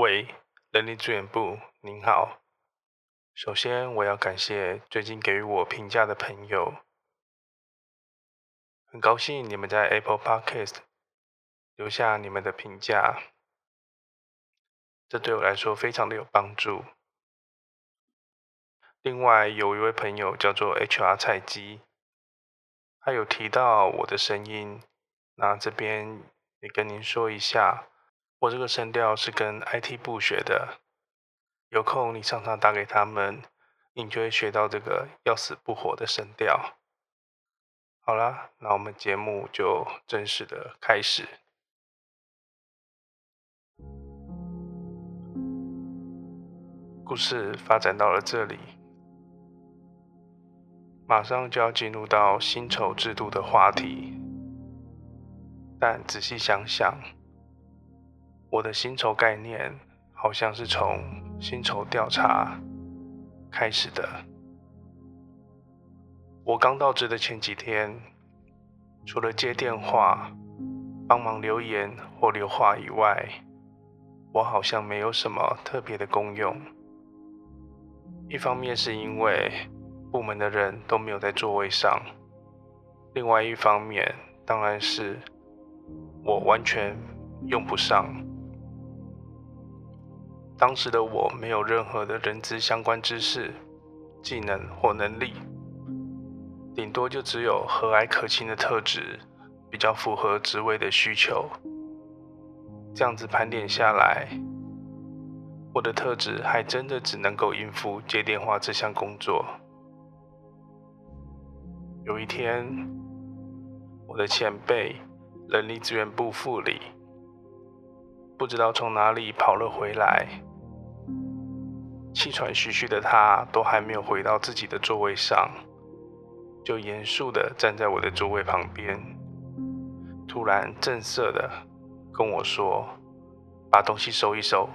喂，人力資源部，您好。首先，我要感謝最近給予我評價的朋友，很高興你們在 Apple Podcast 留下你們的評價，這對我來說非常的有幫助。另外，有一位朋友叫做 HR 菜雞，他有提到我的聲音，那這邊也跟您說一下。我這個聲調是跟 IT 部學的，有空你常常打給他們，你就會學到這個要死不活的聲調。好啦，那我們節目就正式的開始。故事發展到了這裡，馬上就要進入到薪酬制度的話題，但仔細想想。我的薪酬概念好像是從薪酬調查開始的。我剛到職的前幾天，除了接電話、幫忙留言或留話以外，我好像沒有什麼特別的功用。一方面是因為部門的人都沒有在座位上，另外一方面當然是我完全用不上。當時的我沒有任何的人資相關知識、技能或能力，頂多就只有和藹可親的特質，比較符合職位的需求。這樣子盤點下來，我的特質還真的只能夠應付接電話這項工作。有一天，我的前輩人力資源部副理不知道從哪裡跑了回來。氣喘吁吁的他，都還沒有回到自己的座位上，就嚴肅地站在我的座位旁邊，突然正色地跟我說：“把東西收一收。”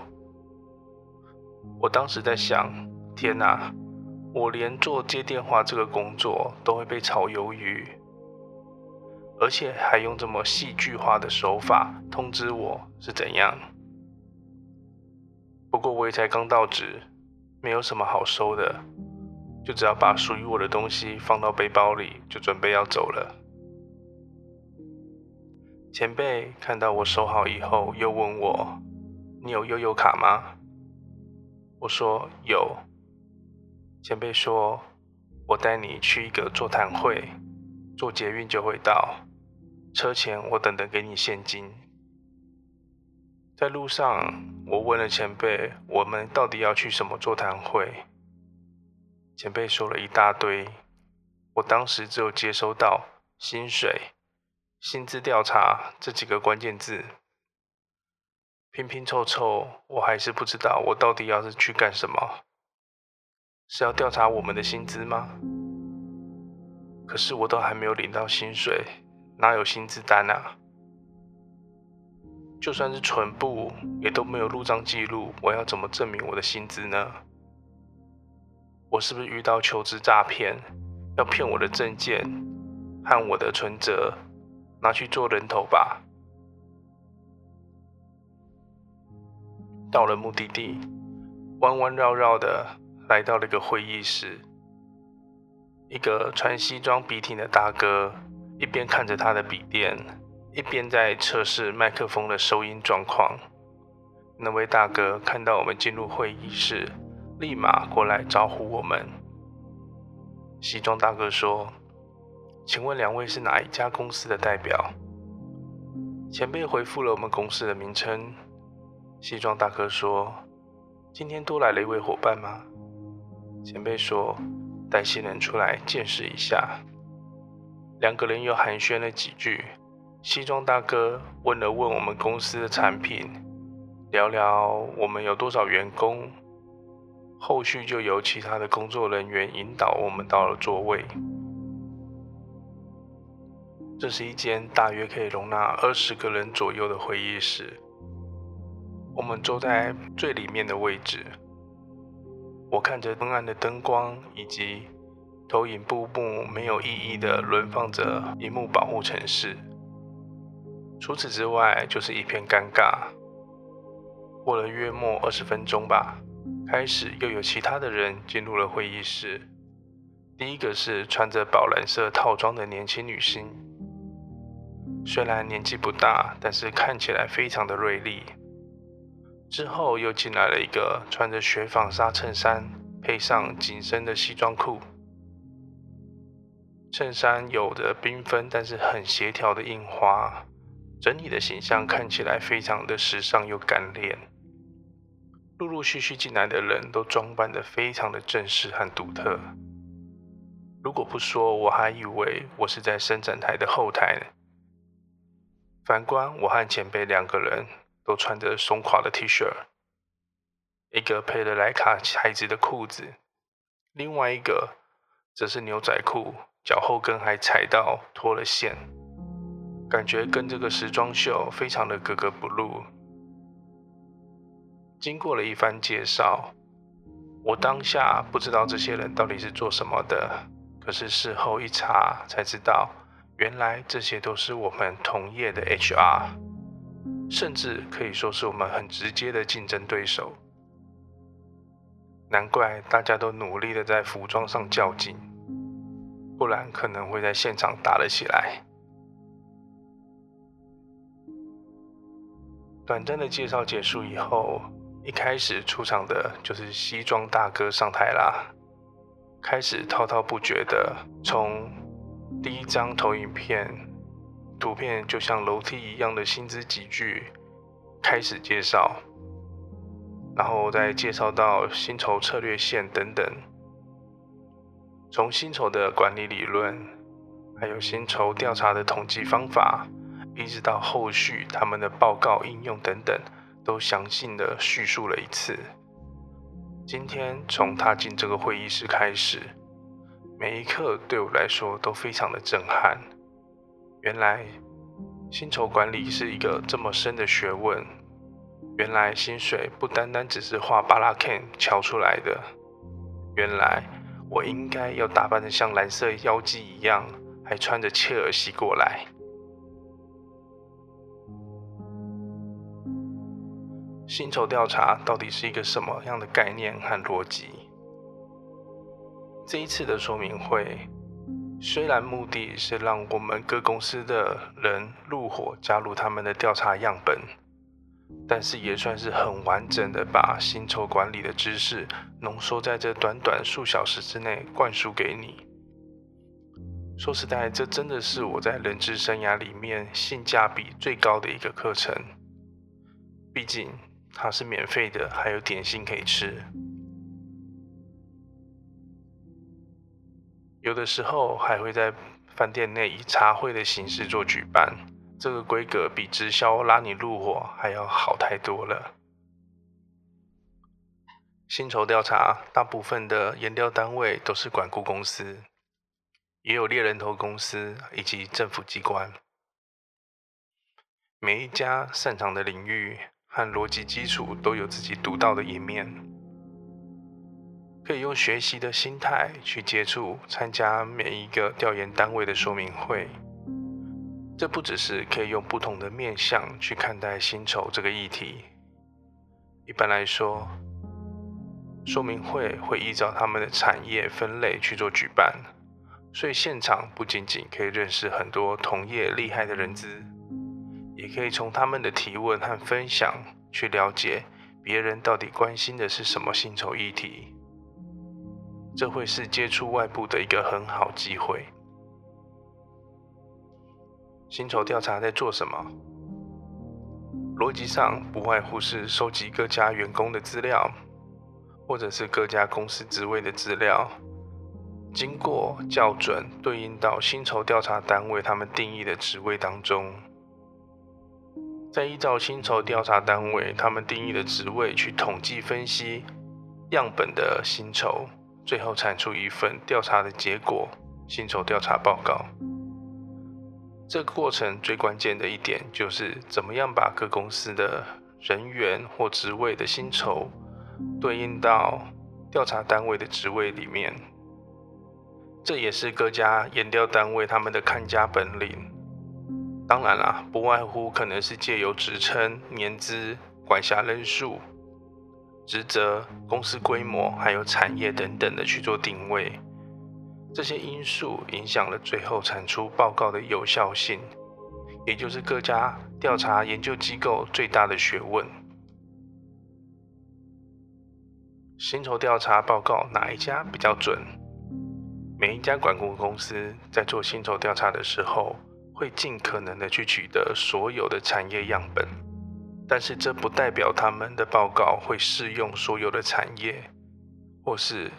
我當時在想：“天吶，我連做接電話這個工作都會被炒魷魚，而且還用這麼戲劇化的手法通知我是怎樣？”不過我也才剛到職。沒有什麼好收的，就只要把屬於我的東西放到背包裡，就準備要走了。前輩看到我收好以後，又問我：“你有悠遊卡嗎？”我說：“有。”前輩說：“我帶你去一個座談會，坐捷運就會到。車錢我等等給你現金。”在路上，我問了前輩，我們到底要去什麼座談會？前輩說了一大堆，我當時只有接收到“薪水”、“薪資調查”這幾個關鍵字，拼拼湊湊，我還是不知道我到底要是去幹什麼。是要調查我們的薪資嗎？可是我都還沒有領到薪水，哪有薪資單啊？就算是存簿也都沒有入賬記錄，我要怎麼證明我的薪資呢？我是不是遇到求職詐騙，要騙我的證件和我的存折，拿去做人頭吧？到了目的地，彎彎繞繞的來到了一個會議室，一個穿西裝筆挺的大哥，一邊看着他的筆電。一邊在測試麥克風的收音狀況，那位大哥看到我們進入會議室，立馬過來招呼我們。西裝大哥說：“請問兩位是哪一家公司的代表？”前輩回復了我們公司的名稱。西裝大哥說：“今天多來了一位夥伴嗎？”前輩說：“帶新人出來見識一下。”兩個人又寒暄了幾句。西裝大哥問了問我們公司的產品，聊聊我們有多少員工，後續就由其他的工作人員引導我們到了座位。這是一間大約可以容納二十個人左右的會議室，我們坐在最裡面的位置。我看着昏暗的燈光以及投影布幕，沒有意義的輪放着熒幕保護程式。除此之外，就是一片尷尬。過了約莫二十分鐘吧，開始又有其他的人進入了會議室。第一個是穿着寶藍色套裝的年輕女性，雖然年紀不大，但是看起來非常的銳利。之後又進來了一個穿着雪紡紗襯衫，配上緊身的西裝褲，襯衫有着繽紛但是很協調的印花。整體的形象看起來非常的時尚又幹練，陸陸續續進來的人都裝扮的非常的正式和獨特。如果不說，我還以為我是在伸展台的後台呢。反觀我和前輩兩個人，都穿着鬆垮的 T 恤，一個配了萊卡材質的褲子，另外一個則是牛仔褲，腳後跟還踩到脫了線。感覺跟這個時裝秀非常的格格不入。經過了一番介紹，我當下不知道這些人到底是做什麼的。可是事後一查才知道，原來這些都是我們同業的 HR，甚至可以說是我們很直接的競爭對手。難怪大家都努力的在服裝上較勁，不然可能會在現場打了起來。短暫的介紹結束以後，一開始出場的就是西裝大哥上台啦，開始滔滔不絕的從第一張投影片圖片就像樓梯一樣的薪資級距，開始介紹，然後再介紹到薪酬策略線等等，從薪酬的管理理論，還有薪酬調查的統計方法。一直到後續他們的報告、應用等等，都詳細的敘述了一次。今天從踏進這個會議室開始，每一刻對我來說都非常的震撼。原來薪酬管理是一個這麼深的學問。原來薪水不單單只是畫虎爛喬出來的。原來我應該要打扮得像藍色妖姬一樣，還穿着切爾西過來。薪酬調查到底是一個什麼樣的概念和邏輯？這一次的說明會，雖然目的是讓我們各公司的人入夥加入他們的調查樣本，但是也算是很完整的把薪酬管理的知識濃縮在這短短數小時之內灌輸給你。說實在，這真的是我在人資生涯裡面性價比最高的一個課程，畢竟。它是免費的，還有點心可以吃。有的時候還會在飯店內以茶會的形式做舉辦，這個規格比直銷拉你入夥還要好太多了。薪酬調查，大部分的研調單位都是管顧公司，也有獵人頭公司以及政府機關，每一家擅長的領域和邏輯基礎都有自己獨到的一面，可以用學習的心態去接觸、參加每一個調研單位的說明會。這不只是可以用不同的面向去看待薪酬這個議題。一般來說，說明會會依照他們的產業分類去做舉辦，所以現場不僅僅可以認識很多同業厲害的人資。你可以從他們的提問和分享去了解別人到底關心的是什麼薪酬議題，這會是接觸外部的一個很好機會。薪酬調查在做什麼？邏輯上不外乎是收集各家員工的資料，或者是各家公司職位的資料，經過校準，對應到薪酬調查單位他們定義的職位當中。再依照薪酬調查單位他們定義的職位去統計分析樣本的薪酬，最後產出一份調查的結果——薪酬調查報告。這個過程最關鍵的一點就是，怎麼樣把各公司的人員或職位的薪酬對應到調查單位的職位裡面。這也是各家研調單位他們的看家本領。當然啦，不外乎可能是借由職稱、年資、管轄人數、職責、公司規模，還有產業等等的去做定位。這些因素影響了最後產出報告的有效性，也就是各家調查研究機構最大的學問。薪酬調查報告哪一家比較準？每一家管控公司在做薪酬調查的時候，會盡可能的去取得所有的產業樣本，但是這不代表他們的報告會適用所有的產業，或是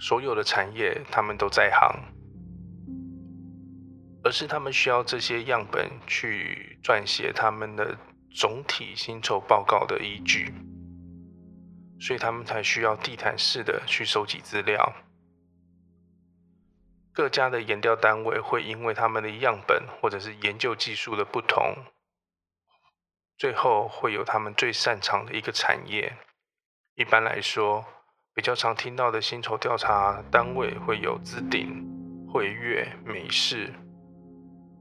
所有的產業他們都在行，而是他們需要這些樣本去撰寫他們的總體薪酬報告的依據，所以他們才需要地毯式的去收集資料。各家的研調單位會因為他們的樣本或者是研究技術的不同，最後會有他們最擅長的一個產業。一般來說，比較常聽到的薪酬調查單位會有資鼎、匯悅、美世、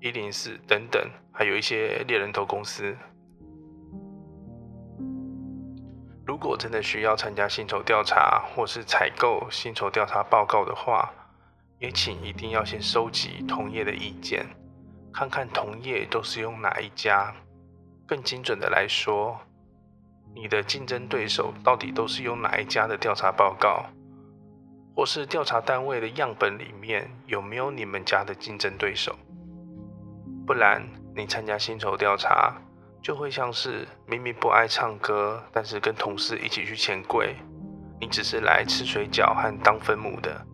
一零四等等，還有一些獵人頭公司。如果真的需要參加薪酬調查或是採購薪酬調查報告的話，也請一定要先收集同業的意見，看看同業都是用哪一家。更精準的來說，你的競爭對手到底都是用哪一家的調查報告，或是調查單位的樣本裡面有沒有你們家的競爭對手？不然你參加薪酬調查，就會像是明明不愛唱歌，但是跟同事一起去錢櫃，你只是來吃水餃和當分母的。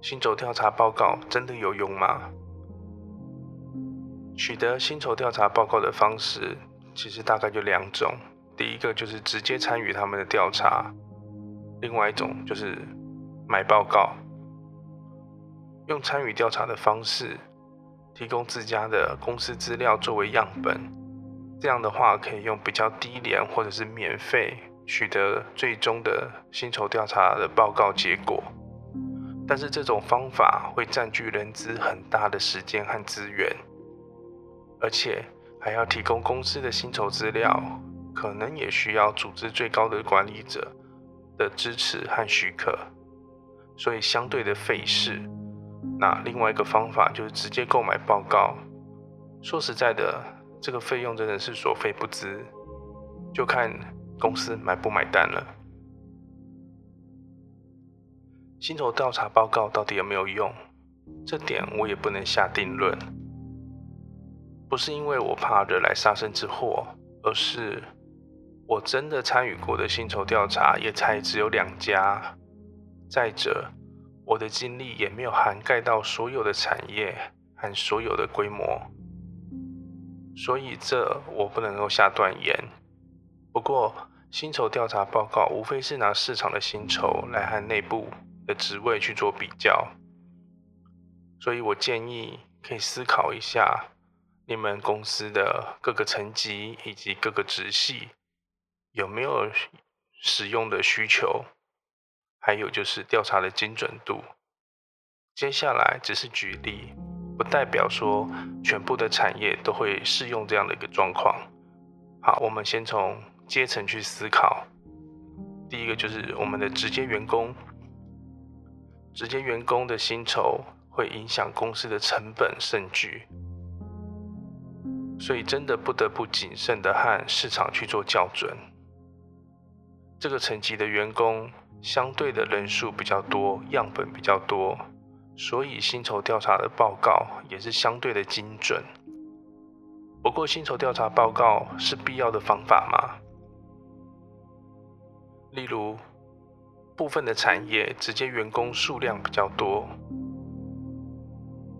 薪酬調查報告真的有用嗎？取得薪酬調查報告的方式其實大概就兩種，第一個就是直接參與他們的調查，另外一種就是買報告。用參與調查的方式提供自家的公司資料作為樣本，這樣的話可以用比較低廉或者是免費取得最終的薪酬調查的報告結果。但是這種方法會占據人資很大的時間和資源，而且還要提供公司的薪酬資料，可能也需要組織最高的管理者的支持和許可，所以相對的費事。那另外一個方法就是直接購買報告。說實在的，這個費用真的是所費不貲，就看公司買不買單了。薪酬調查報告到底有沒有用？這點我也不能下定論。不是因為我怕惹來殺身之禍，而是我真的參與過的薪酬調查也才只有兩家。再者，我的經歷也沒有涵蓋到所有的產業和所有的規模，所以這我不能夠下斷言。不過，薪酬調查報告無非是拿市場的薪酬來和內部。的職位去做比較，所以我建議可以思考一下你們公司的各個層級以及各個職系有沒有使用的需求，還有就是調查的精準度。接下來只是舉例，不代表說全部的產業都會適用這樣的一個狀況。好，我們先從階層去思考，第一個就是我們的直接員工。直接員工的薪酬會影響公司的成本甚鉅，所以真的不得不謹慎的和市場去做校準。這個層級的員工相對的人數比較多，樣本比較多，所以薪酬調查的報告也是相對的精準。不過，薪酬調查報告是必要的方法嗎？例如。部分的產業直接員工數量比較多，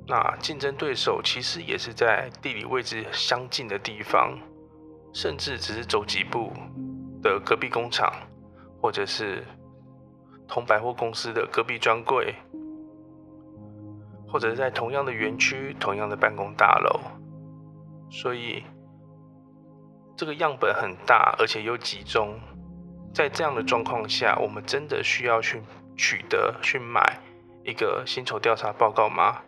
那競爭對手其實也是在地理位置相近的地方，甚至只是走幾步的隔壁工廠，或者是同百貨公司的隔壁專櫃，或者在同樣的園區、同樣的辦公大樓，所以這個樣本很大，而且又集中。在這樣的狀況下，我們真的需要去取得、去買一個薪酬調查報告嗎？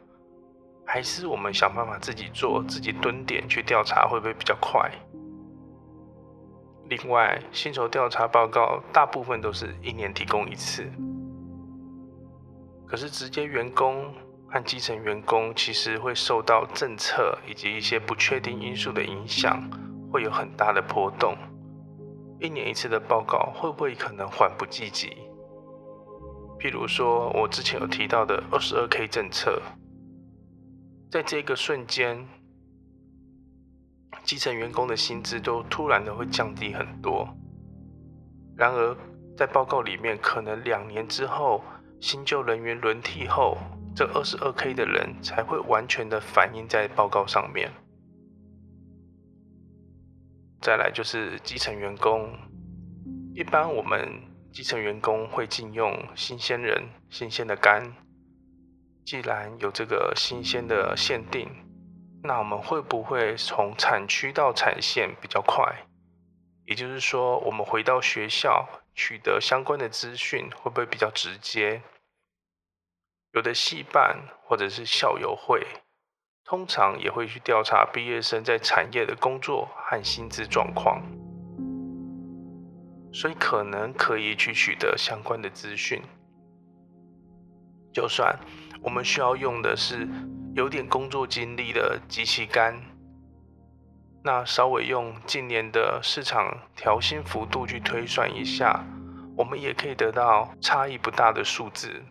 還是我們想辦法自己做、自己蹲點去調查，會不會比較快？另外，薪酬調查報告大部分都是一年提供一次，可是直接員工和基層員工其實會受到政策以及一些不確定因素的影響，會有很大的波動。一年一次的報告會不會可能緩不濟急？譬如說，我之前有提到的二十二 K 政策，在這個瞬間，基層員工的薪資都突然的會降低很多。然而，在報告裡面，可能兩年之後，新舊人員輪替後，這二十二 K 的人才會完全的反映在報告上面。再來就是基層員工，一般我們基層員工會進用新鮮人、新鮮的肝。既然有這個新鮮的限定，那我們會不會從產區到產線比較快？也就是說，我們回到學校取得相關的資訊會不會比較直接？有的系辦或者是校友會。通常也會去調查畢業生在產業的工作和薪資狀況，所以可能可以去取得相關的資訊。就算我們需要用的是有點工作經歷的機器幹，那稍微用近年的市場調薪幅度去推算一下，我們也可以得到差異不大的數字。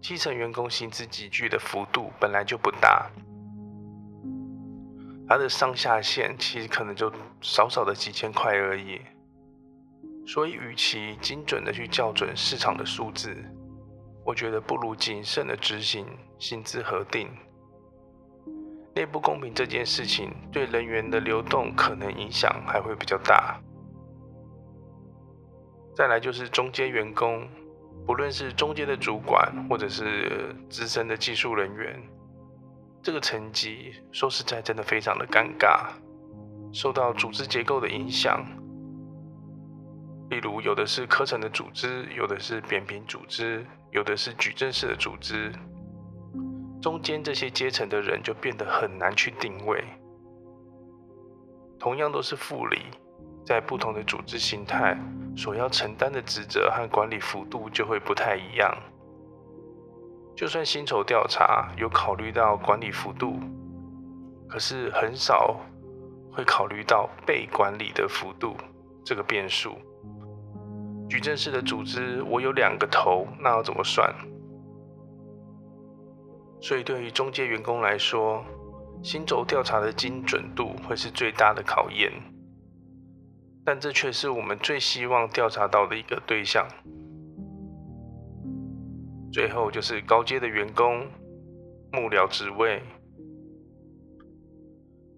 基層員工薪資級距的幅度本來就不大。他的上下限其實可能就少少的幾千塊而已，所以，與其精準的去校準市場的數字，我覺得不如謹慎的執行薪資核定。內部公平這件事情對人員的流動可能影響還會比較大。再來就是中間員工，不論是中間的主管或者是資深的技術人員。這個層級說實在真的非常的尷尬，受到組織結構的影響，例如有的是科層的組織，有的是扁平組織，有的是矩陣式的組織，中間這些階層的人就變得很難去定位。同樣都是副理，在不同的組織形態所要承擔的職責和管理幅度就會不太一樣。就算薪酬調查有考慮到管理幅度，可是很少會考慮到被管理的幅度這個變數。矩陣式的組織，我有兩個頭，那要怎麼算？所以，對於中介員工來說，薪酬調查的精準度會是最大的考驗，但這卻是我們最希望調查到的一個對象。最後就是高階的員工、幕僚職位、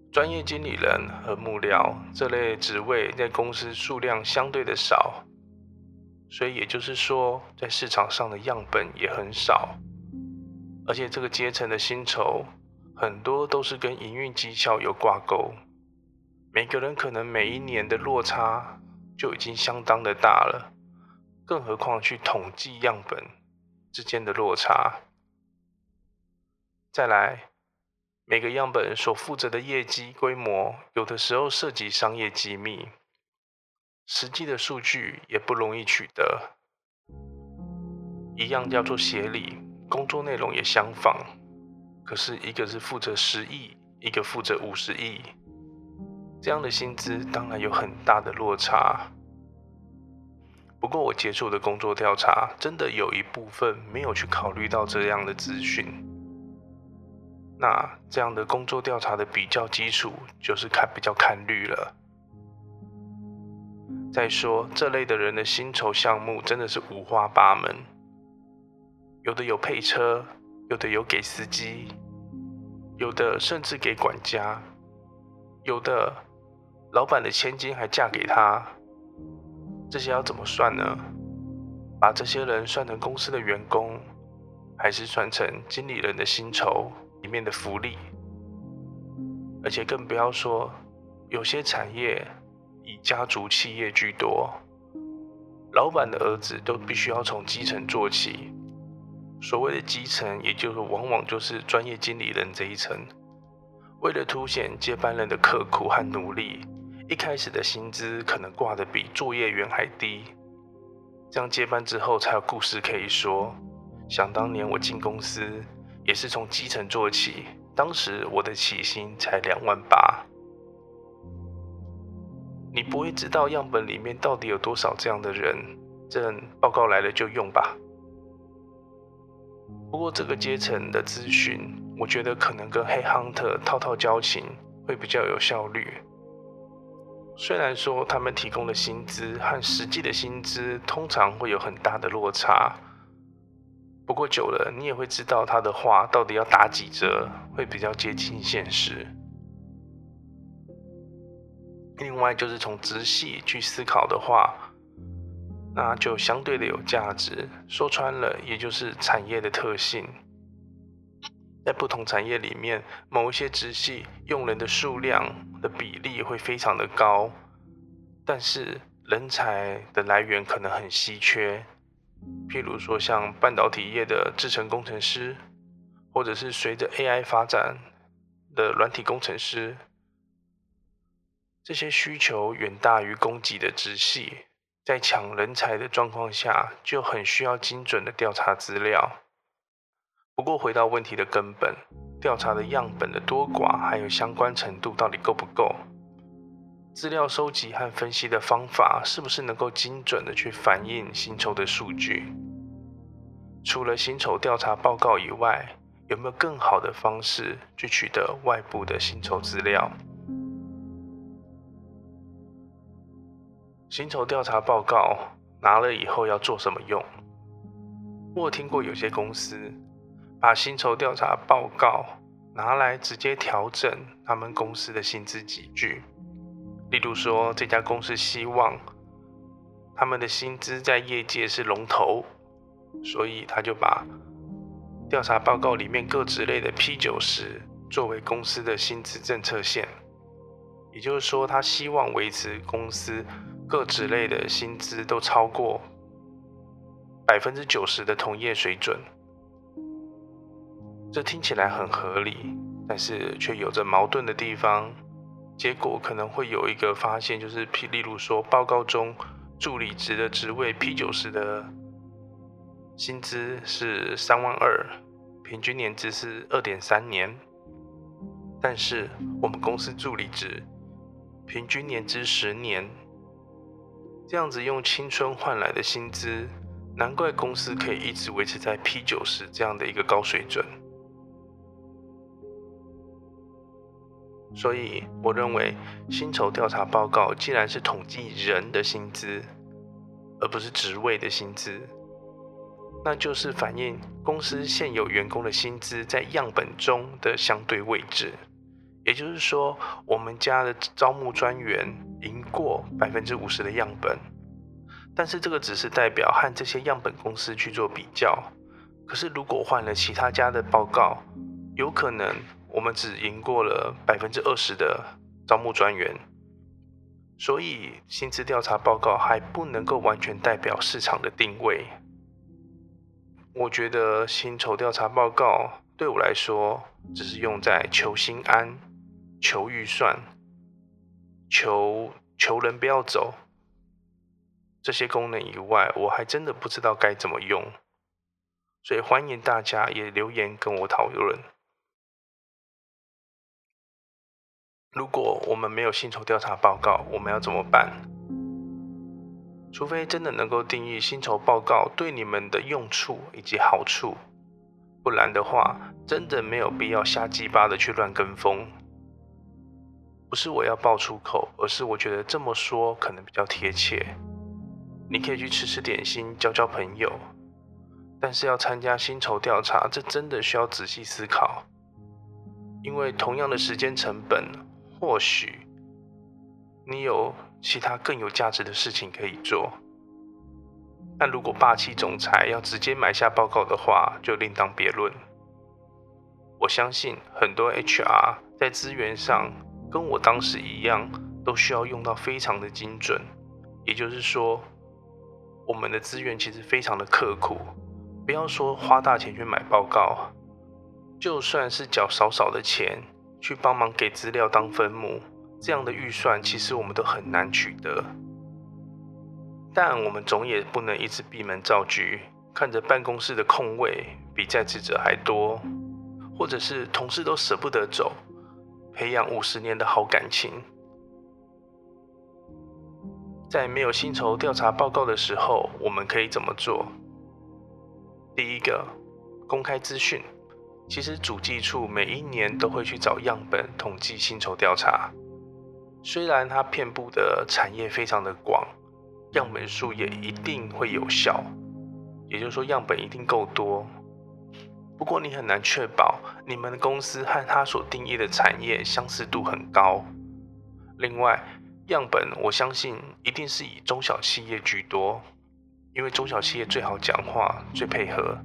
專業經理人和幕僚這類職位，在公司數量相對的少，所以也就是說，在市場上的樣本也很少，而且這個階層的薪酬很多都是跟營運績效有掛鈎，每個人可能每一年的落差就已經相當的大了，更何況去統計樣本。之間的落差。再來，每個樣本所負責的業績規模，有的時候涉及商業機密，實際的數據也不容易取得。一樣叫做協理，工作內容也相仿，可是一個是負責十億，一個負責五十億，這樣的薪資當然有很大的落差。不過我接觸的工作調查，真的有一部分沒有去考慮到這樣的資訊。那這樣的工作調查的比較基礎，就是看比較看綠了。再說，這類的人的薪酬項目真的是五花八門，有的有配車，有的有給司機，有的甚至給管家，有的老闆的千金還嫁給他。這些要怎麼算呢？把這些人算成公司的員工，還是算成經理人的薪酬裡面的福利？而且更不要說，有些產業以家族企業居多，老板的兒子都必須要從基層做起。所謂的基層，也就是往往就是專業經理人這一層。為了凸顯接班人的刻苦和努力。一開始的薪資可能掛得比作業員還低，這樣接班之後才有故事可以說。想當年我進公司也是從基層做起，當時我的起薪才兩萬八。你不會知道樣本裡面到底有多少這樣的人，這報告來了就用吧。不過這個階層的諮詢，我覺得可能跟 Headhunter 套套交情會比較有效率。雖然說他們提供的薪資和實際的薪資通常會有很大的落差，不過久了你也會知道他的話到底要打幾折，會比較接近現實。另外就是從直系去思考的話，那就相對的有價值，說穿了也就是產業的特性。在不同產業裡面，某一些職系用人的數量的比例會非常的高，但是人才的來源可能很稀缺。譬如說像半導體業的製程工程師，或者是隨着 AI 發展的軟體工程師，這些需求遠大於供給的職系，在搶人才的狀況下，就很需要精準的調查資料。不過，回到問題的根本，調查的樣本的多寡，還有相關程度到底夠不夠？資料收集和分析的方法是不是能夠精準地去反映薪酬的數據？除了薪酬調查報告以外，有沒有更好的方式去取得外部的薪酬資料？薪酬調查報告拿了以後要做什麼用？我聽過有些公司，把薪酬調查報告拿來直接調整他們公司的薪資級距，例如說，這家公司希望他們的薪資在業界是龍頭，所以他就把調查報告裡面各職類的 P 九十作為公司的薪資政策線，也就是說，他希望維持公司各職類的薪資都超過百分之九十的同業水準。這聽起來很合理，但是卻有着矛盾的地方。結果可能會有一個發現，就是，譬如說，報告中助理職的職位 P90 的薪資是三萬二，平均年資是二點三年。但是我們公司助理職平均年資十年，這樣子用青春換來的薪資，難怪公司可以一直維持在 P90 這樣的一個高水準。所以，我認為薪酬調查報告既然是統計人的薪資，而不是職位的薪資，那就是反映公司現有員工的薪資在樣本中的相對位置。也就是說，我們家的招募專員贏過百分之五十的樣本，但是這個只是代表和這些樣本公司去做比較。可是，如果換了其他家的報告，有可能。我們只贏過了百分之二十的招募專員，所以薪資調查報告還不能夠完全代表市場的定位。我覺得薪酬調查報告對我來說，只是用在求心安、求預算、求求人不要走這些功能以外，我還真的不知道該怎麼用。所以歡迎大家也留言跟我討論。如果我們沒有薪酬調查報告，我們要怎麼辦？除非真的能夠定義薪酬報告對你們的用處以及好處，不然的話，真的沒有必要瞎雞巴的去亂跟風。不是我要爆粗口，而是我覺得這麼說可能比較貼切。你可以去吃吃點心、交交朋友，但是要參加薪酬調查，這真的需要仔細思考，因為同樣的時間成本。或許你有其他更有價值的事情可以做，但如果霸氣總裁要直接買下報告的話，就另當別論。我相信很多 HR 在資源上跟我當時一樣，都需要用到非常的精準，也就是說，我們的資源其實非常的刻苦。不要說花大錢去買報告，就算是繳少少的錢。去幫忙給資料當分母，這樣的預算其實我們都很難取得，但我們總也不能一直閉門造車，看着辦公室的空位比在職者還多，或者是同事都捨不得走，培養五十年的好感情，在沒有薪酬調查報告的時候，我們可以怎麼做？第一個，公開資訊。其實主計處，每一年都會去找樣本統計薪酬調查，雖然它遍布的產業非常的廣，樣本數也一定會有效，也就是說樣本一定夠多。不過你很難確保你們的公司和它所定義的產業相似度很高。另外，樣本我相信一定是以中小企業居多，因為中小企業最好講話、最配合。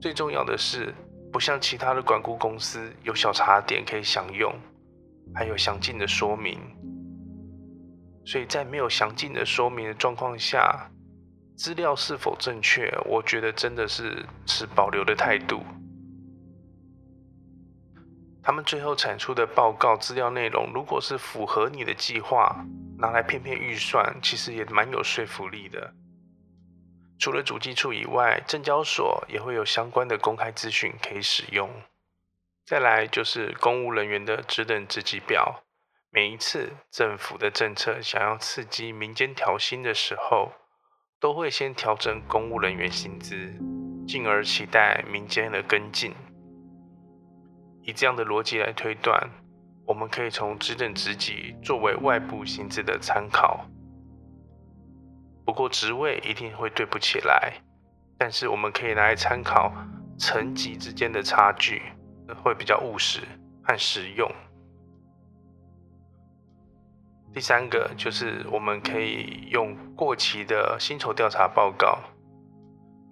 最重要的是，不像其他的管顧公司有小茶點可以享用，還有詳盡的說明，所以在沒有詳盡的說明的狀況下，資料是否正確，我覺得真的是持保留的態度。他們最後產出的報告資料內容，如果是符合你的計劃，拿來騙騙預算，其實也蠻有說服力的。除了主計處以外，證交所也會有相關的公開資訊可以使用。再來就是公務人員的職等職級表。每一次政府的政策想要刺激民間調薪的時候，都會先調整公務人員薪資，進而期待民間的跟進。以這樣的邏輯來推斷，我們可以從職等職級作為外部薪資的參考。不過職位一定會對不起來，但是我們可以來參考層級之間的差距，會比較務實和實用。第三個就是我們可以用過期的薪酬調查報告，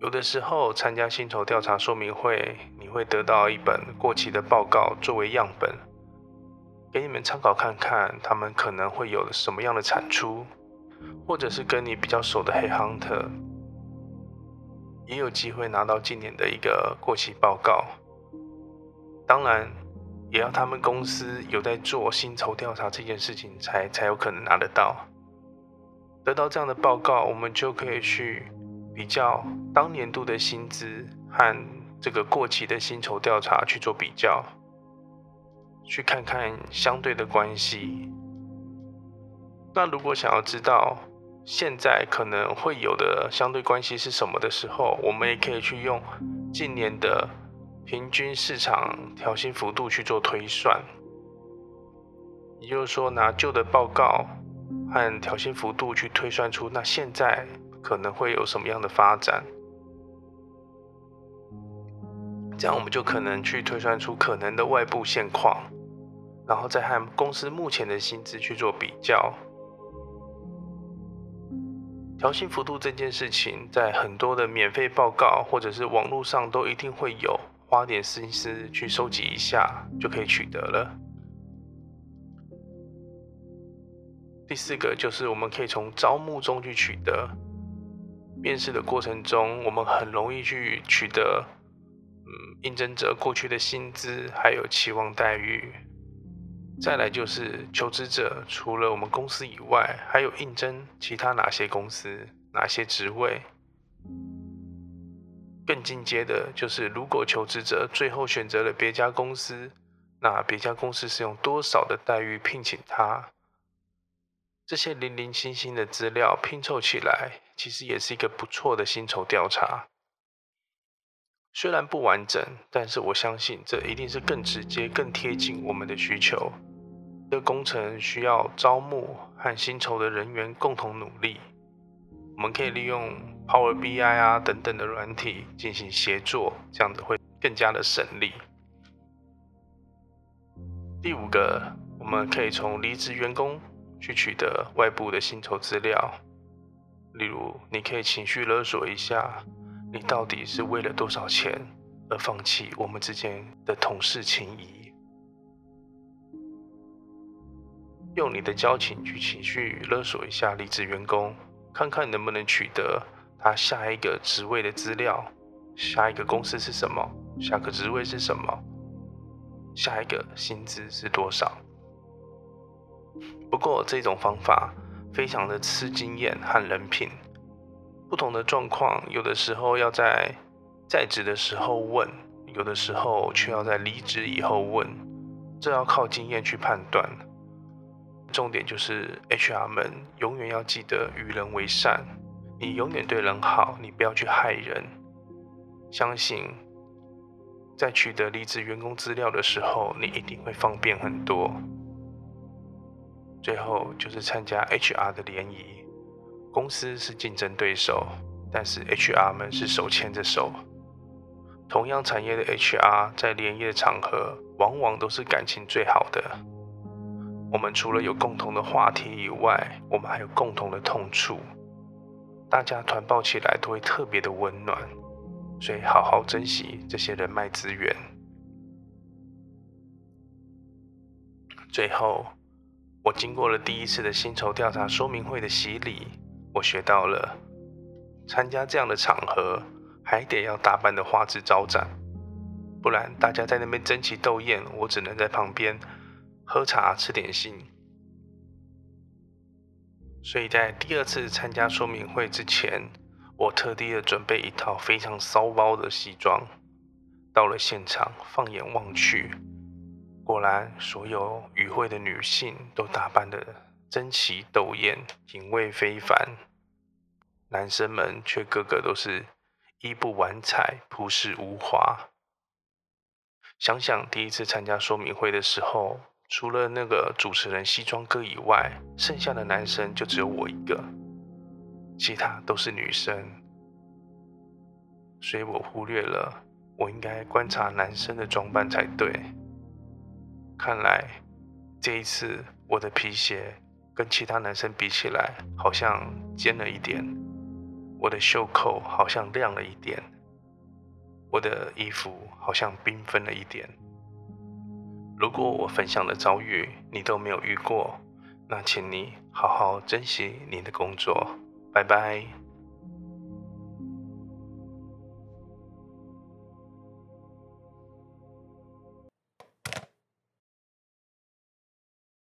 有的時候參加薪酬調查說明會，你會得到一本過期的報告作為樣本，給你們參考看看，他們可能會有什麼樣的產出。或者是跟你比較熟的 Head Hunter，也有機會拿到今年的一個過期報告。當然，也要他們公司有在做薪酬調查這件事情才，才才有可能拿得到。得到這樣的報告，我們就可以去比較當年度的薪資和這個過期的薪酬調查去做比較，去看看相對的關係。那如果想要知道現在可能會有的相對關係是什麼的時候，我們也可以去用近年的平均市場調薪幅度去做推算。也就是說，拿舊的報告和調薪幅度去推算出那現在可能會有什麼樣的發展，這樣我們就可能去推算出可能的外部現況，然後再和公司目前的薪資去做比較。調薪幅度這件事情，在很多的免費報告或者是網絡上都一定會有，花點心思，思去收集一下就可以取得了。第四個就是我們可以從招募中去取得，面試的過程中我們很容易去取得，嗯，應徵者過去的薪資還有期望待遇。再來就是求職者除了我們公司以外，還有應徵其他哪些公司、哪些職位？更進階的就是，如果求職者最後選擇了別家公司，那別家公司是用多少的待遇聘請他？這些零零星星的資料拼湊起來，其實也是一個不錯的薪酬調查。雖然不完整，但是我相信這一定是更直接、更貼近我們的需求。這個工程需要招募和薪酬的人員共同努力，我們可以利用 Power BI 啊等等的軟體進行協作，這樣子會更加的省力。第五個，我們可以從離職員工去取得外部的薪酬資料，例如你可以情緒勒索一下，你到底是為了多少錢而放棄我們之間的同事情誼？用你的交情去情緒勒索一下離職員工，看看能不能取得他下一個職位的資料，下一個公司是什麼，下個職位是什麼，下一個薪資是多少。不過這種方法非常的吃經驗和人品，不同的狀況有的時候要在在職的時候問，有的時候卻要在離職以後問，這要靠經驗去判斷。重點就是，HR 們永遠要記得與人為善。你永遠對人好，你不要去害人。相信，在取得離職員工資料的時候，你一定會方便很多。最後就是參加 HR 的聯誼。公司是競爭對手，但是 HR 們是手牽着手。同樣產業的 HR 在聯誼的場合，往往都是感情最好的。我們除了有共同的話題以外，我們還有共同的痛處，大家團抱起來都會特別的溫暖，所以好好珍惜這些人脈資源。最後，我經過了第一次的薪酬調查說明會的洗禮，我學到了參加這樣的場合還得要打扮得花枝招展，不然大家在那邊爭奇鬥豔，我只能在旁邊。喝茶吃點心，所以在第二次參加說明會之前，我特地的準備一套非常騷包的西裝。到了現場，放眼望去，果然所有與會的女性都打扮得爭奇鬥豔，品味非凡，男生們卻個個都是衣不完彩，樸實無華。想想第一次參加說明會的時候。除了那個主持人西裝哥以外，剩下的男生就只有我一個，其他都是女生，所以我忽略了我應該觀察男生的裝扮才對。看來這一次我的皮鞋跟其他男生比起來好像尖了一點，我的袖扣好像亮了一點，我的衣服好像繽紛了一點。如果我分享的遭遇你都沒有遇過，那請你好好珍惜你的工作，拜拜。